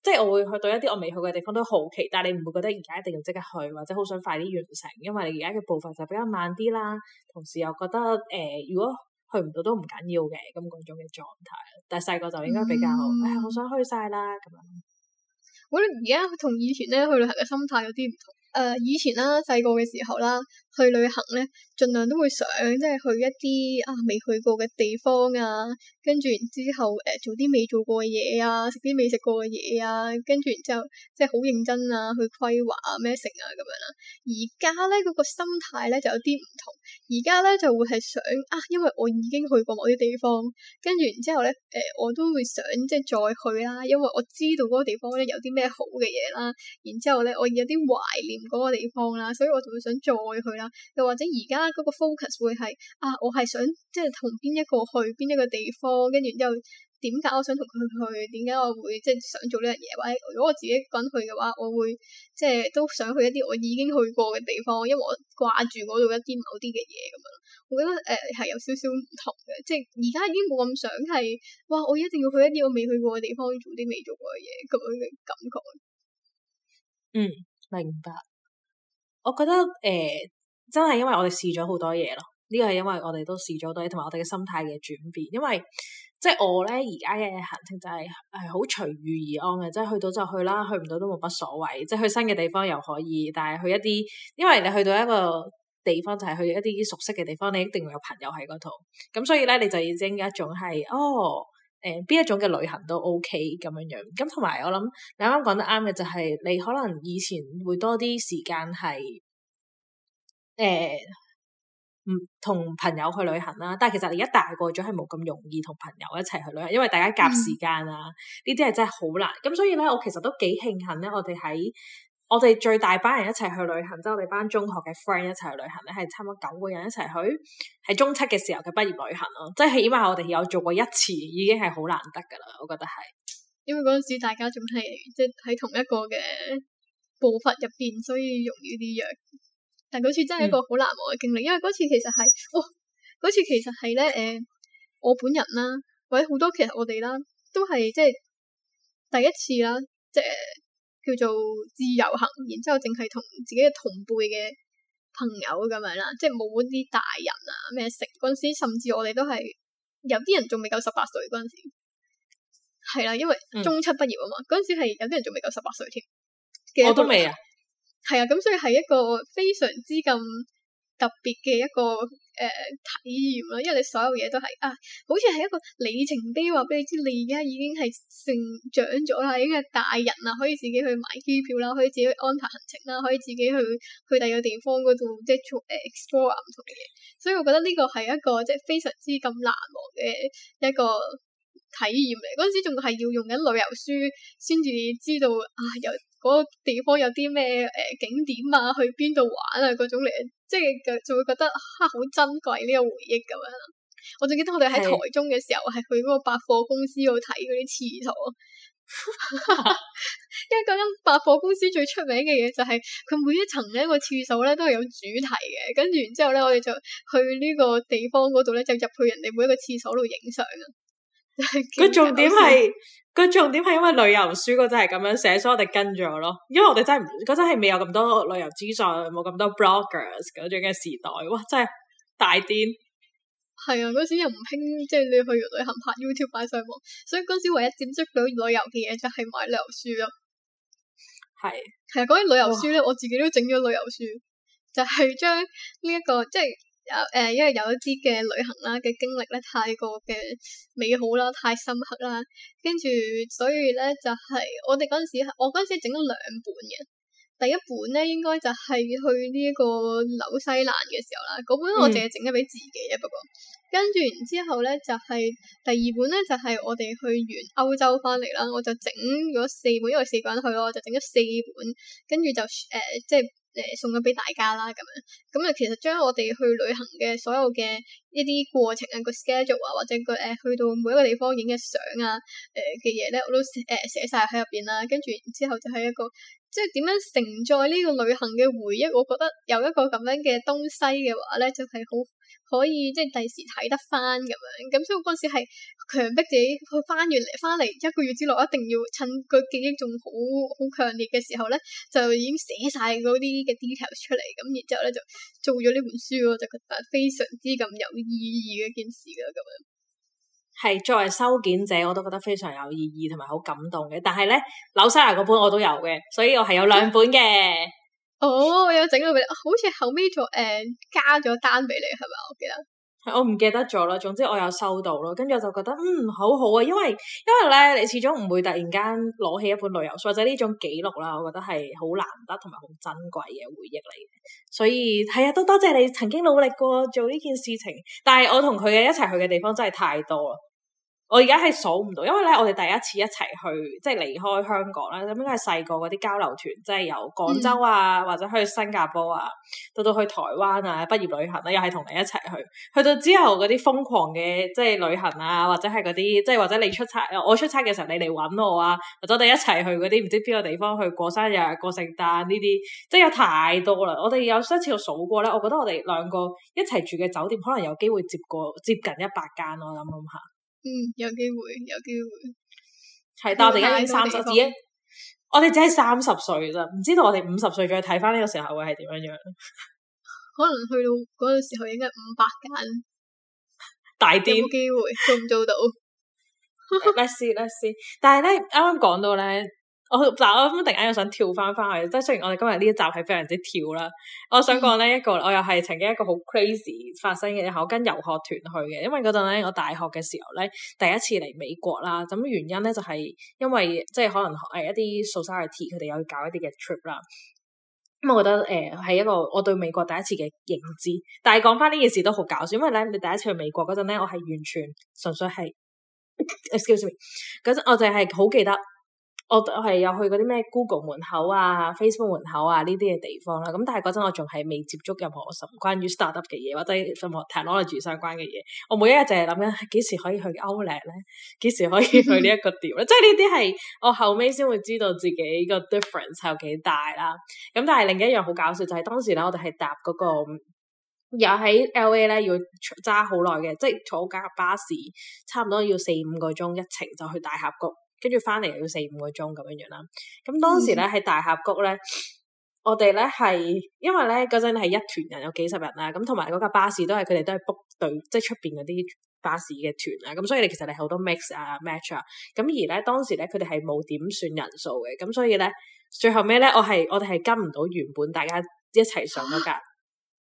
即係我會去到一啲我未去嘅地方都好奇，但係你唔會覺得而家一定要即刻去或者好想快啲完成，因為你而家嘅步伐就比較慢啲啦。同時又覺得誒、呃，如果去唔到都唔緊要嘅咁嗰種嘅狀態。但係細個就應該比較好誒、嗯哎，我想去晒啦咁樣。我而家同以前咧去旅行嘅心態有啲唔同。誒、呃，以前啦、啊，細個嘅時候啦、啊。去旅行咧，盡量都會想即係去一啲啊未去過嘅地方啊，跟住然之後誒、呃、做啲未做過嘅嘢啊，食啲未食過嘅嘢啊，跟住然之後即係好認真啊去規劃啊咩成啊咁樣啦。而家咧個心態咧就有啲唔同，而家咧就會係想啊，因為我已經去過某啲地方，跟住然之後咧誒、呃、我都會想即係再去啦，因為我知道個地方咧有啲咩好嘅嘢啦，然之後咧我有啲懷念個地方啦，所以我就會想再去啦。又或者而家嗰個 focus 會係啊，我係想即係同邊一個去邊一個地方，跟住之後點解我想同佢去？點解我會即係想做呢樣嘢？或者如果我自己一個人去嘅話，我會即係都想去一啲我已經去過嘅地方，因為我掛住嗰度一啲某啲嘅嘢咁樣。我覺得誒係、呃、有少少唔同嘅，即係而家已經冇咁想係哇，我一定要去一啲我未去過嘅地方，做啲未做過嘅嘢咁樣嘅感覺。嗯，明白。我覺得誒。呃真係因為我哋試咗好多嘢咯，呢個係因為我哋都試咗多嘢，同埋我哋嘅心態嘅轉變。因為即係我咧而家嘅行程就係係好隨遇而安嘅，即係去到就去啦，去唔到都冇乜所謂。即係去新嘅地方又可以，但係去一啲因為你去到一個地方就係、是、去一啲熟悉嘅地方，你一定會有朋友喺嗰度。咁所以咧你就已經一種係哦誒邊、呃、一種嘅旅行都 OK 咁樣樣。咁同埋我諗你啱啱講得啱嘅就係、是、你可能以前會多啲時間係。誒，唔同、嗯、朋友去旅行啦、啊，但係其實你而家大個咗，係冇咁容易同朋友一齊去旅行，因為大家夾時間啊，呢啲係真係好難。咁所以咧，我其實都幾慶幸咧，我哋喺我哋最大班人一齊去旅行，即、就、係、是、我哋班中學嘅 friend 一齊去旅行咧，係差唔多九個人一齊去，喺中七嘅時候嘅畢業旅行咯、啊。即、就、係、是、起碼我哋有做過一次，已經係好難得噶啦。我覺得係，因為嗰陣時大家仲係即係喺同一個嘅步伐入邊，所以容易啲約。但嗰次真係一個好難忘嘅經歷，嗯、因為嗰次其實係，哦、嗰次其實係咧，誒、呃，我本人啦，或者好多其實我哋啦，都係即係第一次啦，即係叫做自由行，然之後淨係同自己嘅同輩嘅朋友咁樣啦，即係冇啲大人啊，咩成嗰陣時，甚至我哋都係有啲人仲未夠十八歲嗰陣時，係啦，因為中七畢業啊嘛，嗯、嗰陣時係有啲人仲未夠十八歲添，我都未啊。係啊，咁所以係一個非常之咁特別嘅一個誒、呃、體驗咯。因為你所有嘢都係啊，好似係一個里程碑話俾你知，你而家已經係成長咗啦，已經係大人啦，可以自己去買機票啦，可以自己去安排行程啦，可以自己去去第二個地方嗰度即係做誒 explore 唔同嘅嘢。所以我覺得呢個係一個即係非常之咁難忘嘅一個體驗嚟。嗰陣時仲係要用緊旅遊書先至知道啊，有。嗰個地方有啲咩誒景點啊？去邊度玩啊？嗰種嚟，即係就，就會覺得好、啊、珍貴呢個回憶咁樣。我仲記得我哋喺台中嘅時候，係的去嗰個百貨公司度睇嗰啲廁所， 因為嗰間百貨公司最出名嘅嘢就係、是、佢每一層呢、呢個廁所咧都係有主題嘅，跟住然之後咧我哋就去呢個地方嗰度咧就入去人哋每一個廁所度影相。佢重點係，佢 重點係因為旅遊書嗰陣係咁樣寫，所以我哋跟住咯。因為我哋真係唔，係未有咁多旅遊資訊，冇咁多 bloggers 嗰種嘅時代，哇，真係大癲。係啊，嗰時又唔興，即係你去旅行拍 YouTube 擺上網，所以嗰時唯一見識到旅遊嘅嘢就係買旅遊書咯。係是，係啊，關於旅遊書咧，哇我自己都整咗旅遊書，就係將呢一個即係。誒、呃，因為有一啲嘅旅行啦嘅經歷咧，太過嘅美好啦，太深刻啦，跟住所以咧就係、是、我哋嗰陣時，我嗰陣時整咗兩本嘅，第一本咧應該就係去呢個紐西蘭嘅時候啦，嗰本我淨係整咗俾自己嘅。嗯、不過跟住然之後咧就係、是、第二本咧就係、是、我哋去完歐洲翻嚟啦，我就整咗四本，因為四個人去咯，我就整咗四本，跟住就誒、呃、即係。誒，送咗俾大家啦，咁樣，咁啊，其實將我哋去旅行嘅所有嘅一啲過程啊，個 schedule 啊，或者個誒，去到每一個地方影嘅相啊，誒嘅嘢咧，我都誒寫晒喺入邊啦，跟住之後就係一個。即係點樣承載呢個旅行嘅回憶？我覺得有一個咁樣嘅東西嘅話咧，就係好可以即係第時睇得翻咁樣。咁所以嗰時係強迫自己去翻完嚟，翻嚟一個月之內一定要趁個記憶仲好好強烈嘅時候咧，就已經寫晒嗰啲嘅 detail 出嚟。咁然之後咧就做咗呢本書，我就覺得非常之咁有意義嘅一件事咯，咁樣。係作為收件者，我都覺得非常有意義同埋好感動嘅。但係咧，紐西蘭嗰本我都有嘅，所以我係有兩本嘅。哦，我有整到俾你，好似後尾就誒加咗單俾你係咪？我記得我唔記得咗啦。總之我有收到咯，跟住我就覺得嗯好好啊，因為因為咧你始終唔會突然間攞起一本旅遊書或者呢種記錄啦，我覺得係好難得同埋好珍貴嘅回憶嚟嘅。所以係啊，都多謝你曾經努力過做呢件事情。但係我同佢嘅一齊去嘅地方真係太多啦。我而家係數唔到，因為咧，我哋第一次一齊去，即係離開香港啦。咁應該係細個嗰啲交流團，即係由廣州啊，嗯、或者去新加坡啊，到到去台灣啊，畢業旅行咧，啊，又係同你一齊去。去到之後嗰啲瘋狂嘅，即係旅行啊，或者係嗰啲，即係或者你出差，我出差嘅時候你嚟搵我啊，或者我哋一齊去嗰啲唔知邊個地方去過生日，過聖誕呢啲，真係有太多啦。我哋有一次數過咧，我覺得我哋兩個一齊住嘅酒店，可能有機會接過接近一百間。我諗諗下。嗯，有機會，有機會。係的，但我哋而家已經三十，只，我哋只係三十歲咋，唔知道我哋五十歲再睇翻呢個時候會係點樣樣。可能去到嗰個時候應該五百間。 大癲癲機會 做唔做到 ？Let’s see, let’s see。但係咧，啱啱講到咧。我嗱，我突然間又想跳翻翻去，即係雖然我哋今日呢一集係非常之跳啦，我想講呢一個，嗯、我又係曾經一個好 crazy 發生嘅，我跟遊學團去嘅，因為嗰陣咧我大學嘅時候咧第一次嚟美國啦，咁原因咧就係因為即係可能誒一啲 society 佢哋又要搞一啲嘅 trip 啦，咁我覺得誒係、呃、一個我對美國第一次嘅認知，但係講翻呢件事都好搞笑，因為咧你第一次去美國嗰陣咧，我係完全純粹係 excuse me，嗰陣我就係好記得。我係有去過啲咩 Google 門口啊、Facebook 門口啊呢啲嘅地方啦，咁但係嗰陣我仲係未接觸任何什關於 startup 嘅嘢，或者任何 technology 相關嘅嘢。我每一日就係諗緊幾時可以去 outlet 咧，幾時可以去呢一個店咧。即係呢啲係我後尾先會知道自己個 difference 有幾大啦。咁但係另一樣好搞笑就係、是、當時咧，我哋係搭嗰個又喺 LA 咧要揸好耐嘅，即、就、係、是、坐架巴士差唔多要四五個鐘一程就去大峽谷。跟住翻嚟要四五個鐘咁樣樣啦。咁當時咧喺、嗯、大峽谷咧，我哋咧係因為咧嗰陣係一團人有幾十人啦。咁同埋嗰架巴士都係佢哋都係 book 對，即係出邊嗰啲巴士嘅團、嗯、啊。咁所以你其實你好多 mix 啊 match 啊。咁、嗯、而咧當時咧佢哋係冇點算人數嘅，咁、嗯、所以咧最後尾咧我係我哋係跟唔到原本大家一齊上嗰架。啊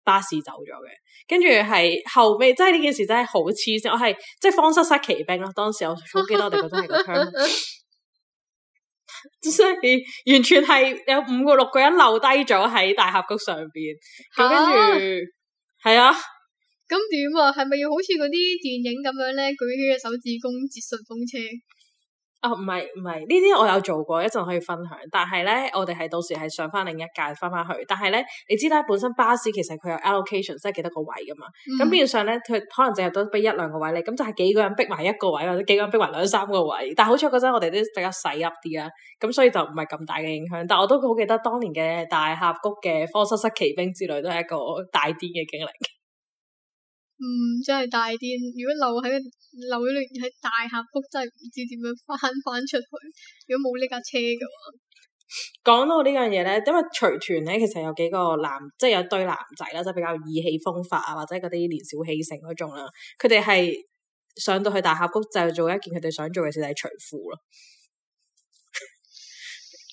巴士走咗嘅，跟住係後尾，真係呢件事真係好黐線。我係即係慌失失奇兵咯，當時我好記得我哋嗰陣係個圈，即係 完全係有五個六個人留低咗喺大峽谷上邊，咁跟住係啊。咁點啊？係咪、啊、要好似嗰啲電影咁樣咧？舉起個手指公截順風車？啊，唔係唔係，呢啲我有做過，一陣可以分享。但係咧，我哋係到時係上翻另一界翻翻去。但係咧，你知啦，本身巴士其實佢有 allocation，即係幾多個位噶嘛。咁、嗯、變相咧，佢可能淨係都俾一兩個位你。咁就係幾個人逼埋一個位，或者幾個人逼埋兩三個位。但係好彩嗰陣我哋都比較細粒啲啦，咁所以就唔係咁大嘅影響。但係我都好記得當年嘅大峽谷嘅科失失奇兵之類都係一個大癲嘅經歷。 嗯，真係大啲。如果留喺留喺喺大峽谷，真係唔知點樣翻翻出去，如果冇呢架車嘅話。講到呢樣嘢咧，因為隨團咧，其實有幾個男，即係有堆男仔啦，即係比較意氣風發啊，或者嗰啲年少氣盛嗰種啦。佢哋係上到去大峽谷就做一件佢哋想做嘅事，就係除褲咯。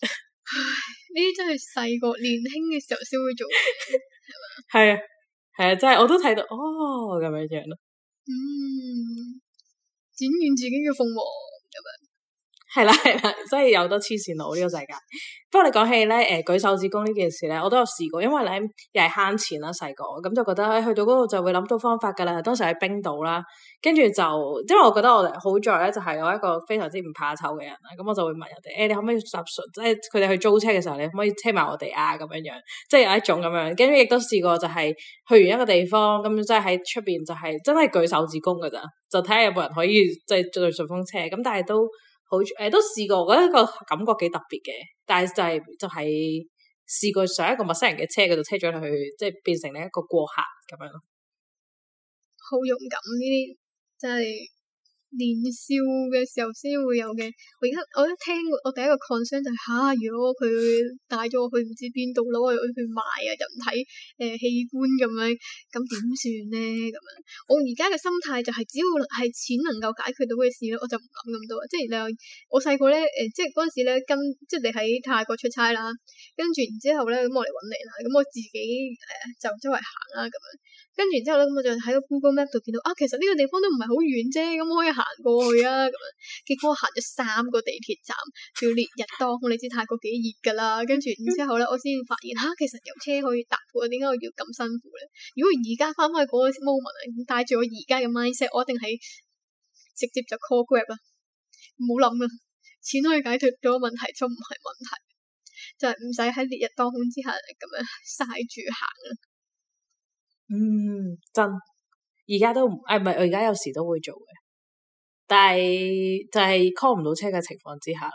唉，呢啲真係細個年輕嘅時候先會做，係 啊。係啊，真係我都睇到，哦咁樣樣咯。嗯，展現自己嘅鳳凰。係啦，係啦，真係有多黐線佬呢個世界。不過你講起咧，誒、呃，舉手指公呢件事咧，我都有試過。因為咧又係慳錢啦，細個咁就覺得、哎、去到嗰度就會諗到方法噶啦。當時喺冰島啦，跟住就，因為我覺得我哋好在咧，就係有一個非常之唔怕醜嘅人啦。咁我就會問人哋，誒、哎，你可唔可以搭順？即係佢哋去租車嘅時候，你可唔可以車埋我哋啊？咁樣樣，即係有一種咁樣。跟住亦都試過、就是，就係去完一個地方，咁即係喺出邊就係、就是、真係舉手指公噶咋，就睇下有冇人可以即係做順風車。咁、就是就是就是、但係都。好，誒、欸，都試過，我覺得個感覺幾特別嘅，但係就係就係試過上一個陌生人嘅車嗰度車咗你去，即係變成咗一個過客咁樣咯，好勇敢呢啲真係。年少嘅時候先會有嘅。我而家我一聽，我第一個 concern 就係、是、吓、啊，如果佢帶咗我去唔知邊度攞嚟去賣啊，人體誒、呃、器官咁樣，咁點算咧？咁樣，我而家嘅心態就係只要係錢能夠解決到嘅事咧，我就唔諗咁多。即係你我細個咧，誒、呃，即係嗰陣時咧，跟即係你喺泰國出差啦，跟住然之後咧，咁我嚟揾你啦，咁我自己誒、呃、就周圍行啦咁樣。跟住然之後咧，咁我就喺個 Google Map 度見到啊，其實呢個地方都唔係好遠啫，咁、嗯、我可以行過去啊。咁樣結果我行咗三個地鐵站，叫烈日當空，你知泰國幾熱噶啦。跟住然之後咧，我先發現嚇、啊，其實有車可以搭過，點解我要咁辛苦咧？如果而家翻返去嗰個 moment，帶住我而家嘅 mindset，我一定係直接就 call grab 啊！唔好諗啊，錢可以解決咗嘅問題都唔係問題，就係唔使喺烈日當空之下咁樣晒住行啦。嗯，真。而家都唔，誒、哎，唔係，我而家有時都會做嘅，但係就係 call 唔到車嘅情況之下咯。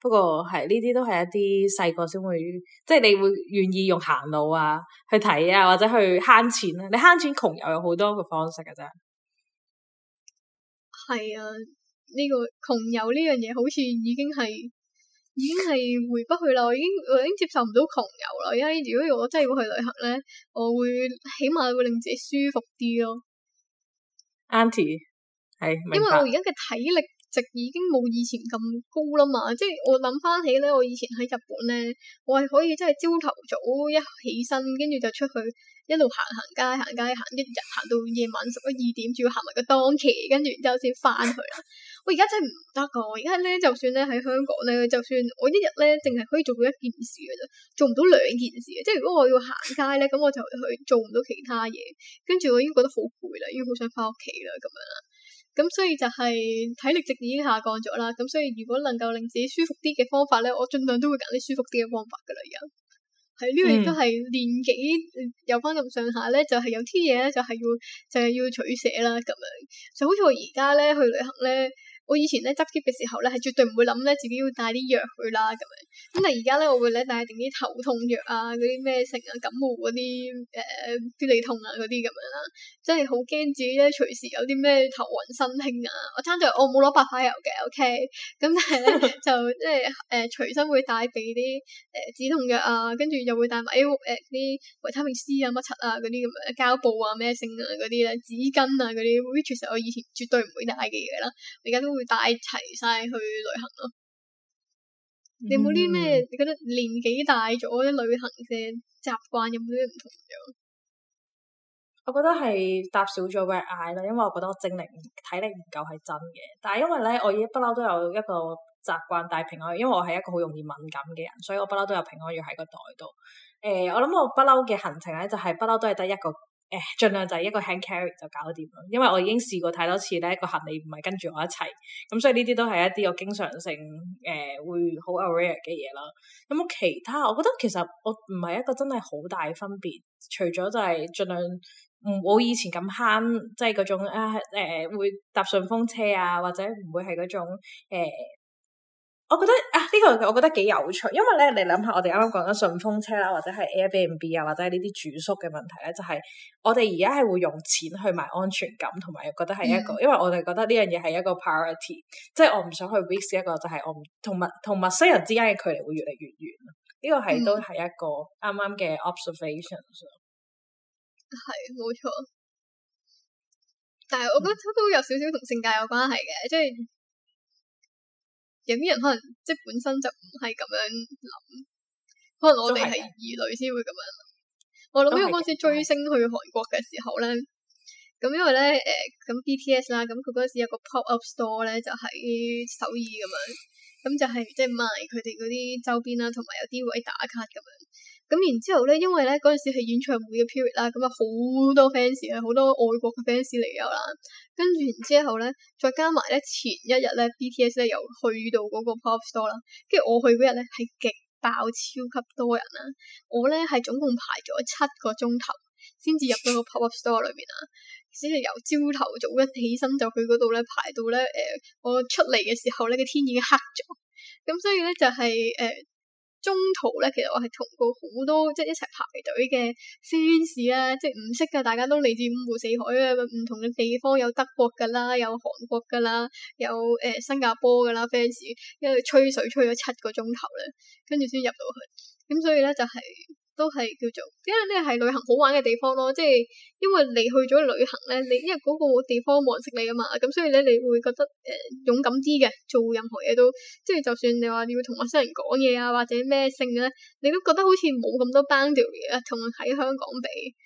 不過係呢啲都係一啲細個先會，即係你會願意用行路啊，去睇啊，或者去慳錢啊。你慳錢窮遊有好多嘅方式噶咋。係啊，呢、這個窮遊呢樣嘢好似已經係。已經係回不去啦，我已經我已經接受唔到窮遊啦。因為如果我真係要去旅行咧，我會起碼會令自己舒服啲咯。Auntie 係，因為我而家嘅體力值已經冇以前咁高啦嘛。即係我諗翻起咧，我以前喺日本咧，我係可以真係朝頭早一起身，跟住就出去一路行行街，行街、行一日，行到夜晚十一二點，仲要行埋個當期，跟住然之後先翻去啦。 我而家真係唔得噶。我而家咧，就算咧喺香港咧，就算我一日咧，淨係可以做到一件事嘅啫，做唔到兩件事嘅。即係如果我要行街咧，咁我就去做唔到其他嘢。跟住我已經覺得好攰啦，已經好想翻屋企啦，咁樣啦。咁所以就係體力值已經下降咗啦。咁所以如果能夠令自己舒服啲嘅方法咧，我盡量都會揀啲舒服啲嘅方法噶啦。而家喺呢度亦都係年紀有翻咁上下咧，就係、是、有啲嘢咧，就係、是、要就係、是、要取捨啦。咁樣就好似我而家咧去旅行咧。我以前咧執喼嘅時候咧，係絕對唔會諗咧自己要帶啲藥去啦咁樣。咁但而家咧，我會咧帶定啲頭痛藥啊，嗰啲咩性啊感冒嗰啲、誒經痛啊嗰啲咁樣啦。即係好驚自己咧隨時有啲咩頭暈身㷫啊。我爭在我冇攞白花油嘅，OK。咁但係咧就即係誒隨身會帶備啲誒止痛藥啊，跟住又會帶埋誒啲維他命 C 啊乜柒啊嗰啲咁樣，膠布啊咩性啊嗰啲咧紙巾啊嗰啲，呢啲其實我以前絕對唔會帶嘅嘢啦，我而家都會。帶齊晒去旅行咯。你冇啲咩？嗯、你覺得年紀大咗啲旅行嘅習慣有冇啲唔同咗？我覺得係搭少咗 red eye 啦，因為我覺得我精力、體力唔夠係真嘅。但係因為咧，我已經不嬲都有一個習慣帶平安藥，因為我係一個好容易敏感嘅人，所以我不嬲都有平安藥喺個袋度。誒、呃，我諗我不嬲嘅行程咧，就係不嬲都係得一個。誒，儘、uh, 量就係一個 hand carry 就搞掂咯，因為我已經試過太多次咧，嗰個行李唔係跟住我一齊，咁所以呢啲都係一啲我經常性誒、呃、會好 aware 嘅嘢啦。有冇其他？我覺得其實我唔係一個真係好大分別，除咗就係儘量唔好以前咁慳，即係嗰種啊誒、呃呃、會搭順風車啊，或者唔會係嗰種、呃我覺得啊呢、這個我覺得幾有趣，因為咧你諗下我哋啱啱講緊順風車啦，或者係 Airbnb 啊，或者係呢啲住宿嘅問題咧，就係、是、我哋而家係會用錢去買安全感，同埋覺得係一個，嗯、因為我哋覺得呢樣嘢係一個 priority，即係我唔想去 risk 一個就係、是、我同陌同陌生人之間嘅距離會越嚟越遠呢、這個係、嗯、都係一個啱啱嘅 observation。上係冇錯，但係我覺得都有少少同性格有關係嘅，嗯、即係。有啲人可能即係本身就唔係咁樣諗，可能我哋係異類先會咁樣諗。我諗起嗰陣時追星去韓國嘅時候咧，咁因為咧誒咁、呃、BTS 啦，咁佢嗰陣時有個 pop up store 咧就喺、是、首爾咁樣，咁就係即係賣佢哋嗰啲周邊啦，同埋有啲位打卡咁樣。咁然之後咧，因為咧嗰陣時係演唱會嘅 period 啦，咁啊好多 fans 係好多外國嘅 fans 嚟有啦。跟住然之後咧，再加埋咧前一日咧，BTS 咧又去到嗰個 pop up store 啦。跟住我去嗰日咧係極爆，超級多人啊！我咧係總共排咗七個鐘頭先至入到個 pop up store 裏面啊！即係由朝頭早一起身就去嗰度咧排到咧誒、呃，我出嚟嘅時候咧個天已經黑咗。咁、嗯、所以咧就係、是、誒。呃中途咧，其實我係同過好多即係一齊排隊嘅 fans 即係唔識嘅，大家都嚟自五湖四海啊，唔同嘅地方有德國噶啦，有韓國噶啦，有誒、呃、新加坡噶啦 fans，因為吹水吹咗七個鐘頭啦，跟住先入到去，咁所以咧就係、是。都係叫做，因為呢係旅行好玩嘅地方咯，即係因為你去咗旅行咧，你因為嗰個地方冇人識你啊嘛，咁所以咧你會覺得誒、呃、勇敢啲嘅，做任何嘢都，即係就算你，你要話要同陌生人講嘢啊，或者咩性嘅咧，你都覺得好似冇咁多 band 嘢啊，同喺香港比。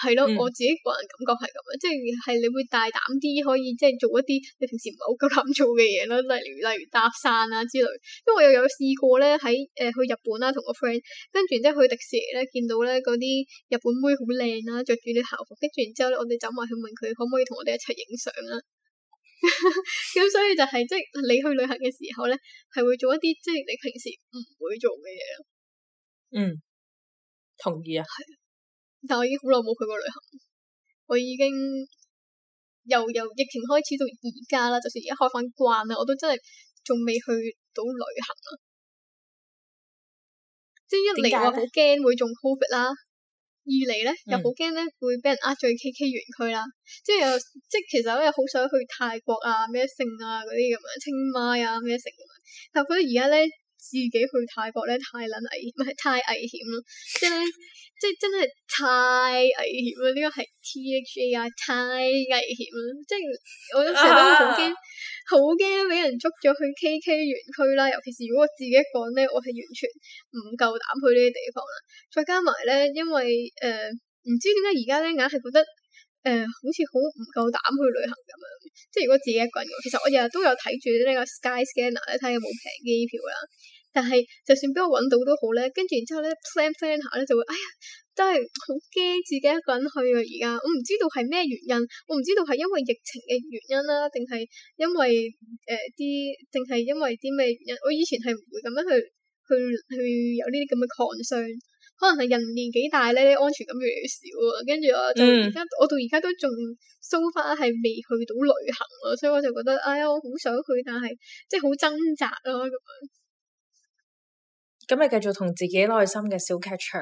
係咯，嗯、我自己個人感覺係咁啊，即係你會大膽啲，可以即係做一啲你平時唔係好敢做嘅嘢咯，例如例如搭訕啊之類。因為我又有試過咧，喺、呃、誒去日本啦，同個 friend 跟住然之後去迪士尼咧，見到咧嗰啲日本妹好靚啦，着住啲校服，跟住然之後咧，我哋走埋去問佢可唔可以同我哋一齊影相啊。咁 所以就係即係你去旅行嘅時候咧，係會做一啲即係你平時唔會做嘅嘢咯。嗯，同意啊。係啊。但我已經好耐冇去過旅行，我已經由由疫情開始到而家啦，就算而家開翻慣啦，我都真係仲未去到旅行啊！即係一嚟，我好驚會中 covid 啦，二嚟咧又好驚咧會俾人呃咗去 KK 園區啦，即係又即係其實我都好想去泰國啊、咩城啊嗰啲咁樣啊、清邁啊咩城，咁樣但係覺得而家咧。自己去泰國咧，太撚危，唔係太危險咯，即係即係真係太危險啦！呢個係 T H A I，太危險啦！即係我都成日都好驚，好驚俾人捉咗去 K K 園區啦。尤其是如果我自己講咧，我係完全唔夠膽去呢啲地方啦。再加埋咧，因為誒唔知點解而家咧，硬係覺得。誒、呃,好似好唔夠膽去旅行咁樣，即係如果自己一個人，其實我日日都有睇住呢個 Sky Scanner 咧，睇下有冇平機票啦。但係就算俾我搵到都好咧，跟住然之後咧 plan plan 下咧，就會哎呀，真係好驚自己一個人去啊！而家我唔知道係咩原因，我唔知道係因為疫情嘅原因啦，定係因為誒啲，定、呃、係因為啲咩原因？我以前係唔會咁樣去去去有呢啲咁嘅 concern。可能係人年紀大咧，安全感越嚟越少啊。跟住我就而家，嗯、我到而家都仲 so far 係未去到旅行啊，所以我就覺得，哎，呀，我好想去，但係即係好掙扎咯咁樣。咁你繼續同自己內心嘅小劇場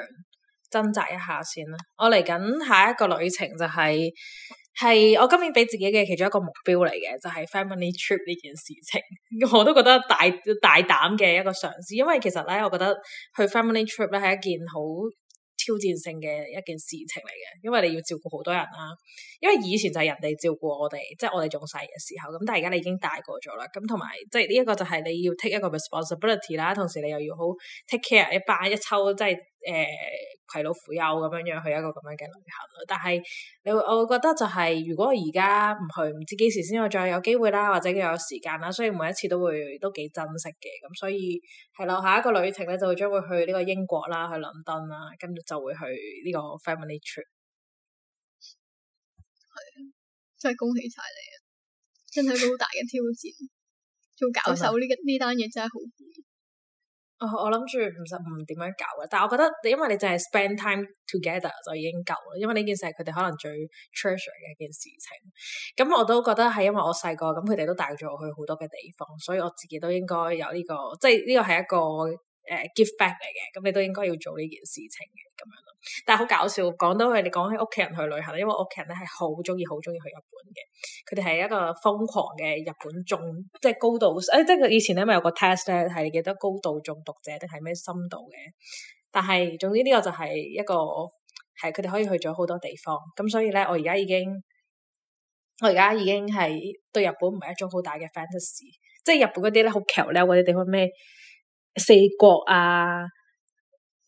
掙扎一下先啦。我嚟緊下一個旅程就係、是。係，我今年俾自己嘅其中一個目標嚟嘅，就係、是、family trip 呢件事情， 我都覺得大大膽嘅一個嘗試，因為其實咧，我覺得去 family trip 咧係一件好挑戰性嘅一件事情嚟嘅，因為你要照顧好多人啦、啊。因為以前就係人哋照顧我哋，即、就、係、是、我哋仲細嘅時候咁，但係而家你已經大個咗啦，咁同埋即係呢一個就係你要 take 一個 responsibility 啦，同時你又要好 take care 一班一抽，即係。誒，攜老、呃、扶幼咁樣樣去一個咁樣嘅旅行，但係你我會覺得就係、係、如果而家唔去，唔知幾時先可以再有機會啦，或者又有時間啦，所以每一次都會都幾珍惜嘅，咁所以係咯，下一個旅程咧就將會去呢個英國啦，去倫敦啦，跟住就會去呢個 family trip。係啊，真係恭喜晒你啊！真係好大嘅挑戰， 做搞手呢呢單嘢真係好。我我諗住唔知點樣搞嘅，但係我覺得，因為你淨係 spend time together 就已經夠啦，因為呢件事係佢哋可能最 treasure 嘅一件事情。咁我都覺得係因為我細個，咁佢哋都帶咗我去好多嘅地方，所以我自己都應該有呢個，即係呢個係一個。誒、uh, give back 嚟嘅，咁你都應該要做呢件事情嘅咁樣咯。但係好搞笑，講到佢哋講起屋企人去旅行，因為屋企人咧係好中意、好中意去日本嘅。佢哋係一個瘋狂嘅日本中，即係高度誒、哎，即佢以前咧咪有個 test 咧，係記得高度中毒者定係咩深度嘅？但係總之呢個就係一個係佢哋可以去咗好多地方。咁所以咧，我而家已經，我而家已經係對日本唔係一種好大嘅 fantasy，即係日本嗰啲咧好橋樑嗰啲地方咩？四國啊，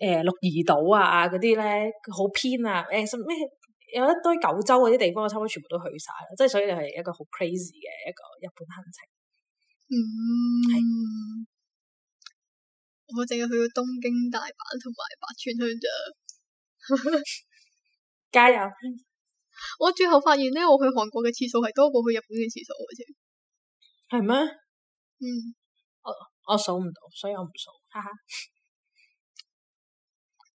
誒、呃、鹿兒島啊，嗰啲咧好偏啊，誒、欸、咩、欸、有一堆九州嗰啲地方，我差唔多全部都去晒，即係所以你係一個好 crazy 嘅一個日本行程。嗯，是我淨係去咗東京、大阪同埋白川鄉啫。 加油！我最後發現咧，我去韓國嘅次數係多過去日本嘅次數嘅啫。係咩嗎？嗯。我數唔到，所以我唔數，哈哈。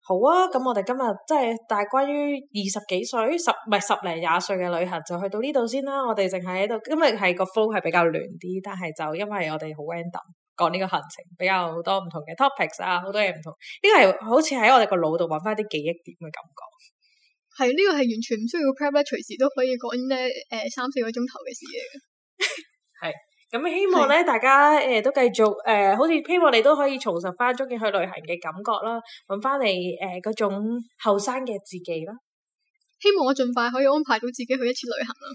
好啊，咁我哋今日即係，但係關於二十幾歲、十唔係十零廿歲嘅旅行就去到呢度先啦。我哋淨係喺度，因為係個 flow 係比較亂啲，但係就因為我哋好 random 講呢個行程，比較好多唔同嘅 topics 啊，好多嘢唔同。呢個係好似喺我哋個腦度揾翻啲記憶點嘅感覺。係呢、呢個係完全唔需要 prepare，隨時都可以講呢誒三四個鐘頭嘅事嘅。係。 咁希望咧，的大家誒、呃、都繼續誒、呃，好似希望你都可以重拾翻鍾意去旅行嘅感覺啦，搵翻嚟誒嗰種後生嘅自己啦。希望我盡快可以安排到自己去一次旅行啦。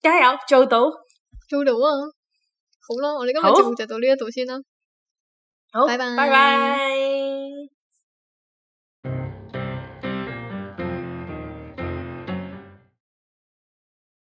加油，做到，做到啊！好啦，我哋今日嘅節好目就到呢一度先啦。好，拜拜 bye。Bye bye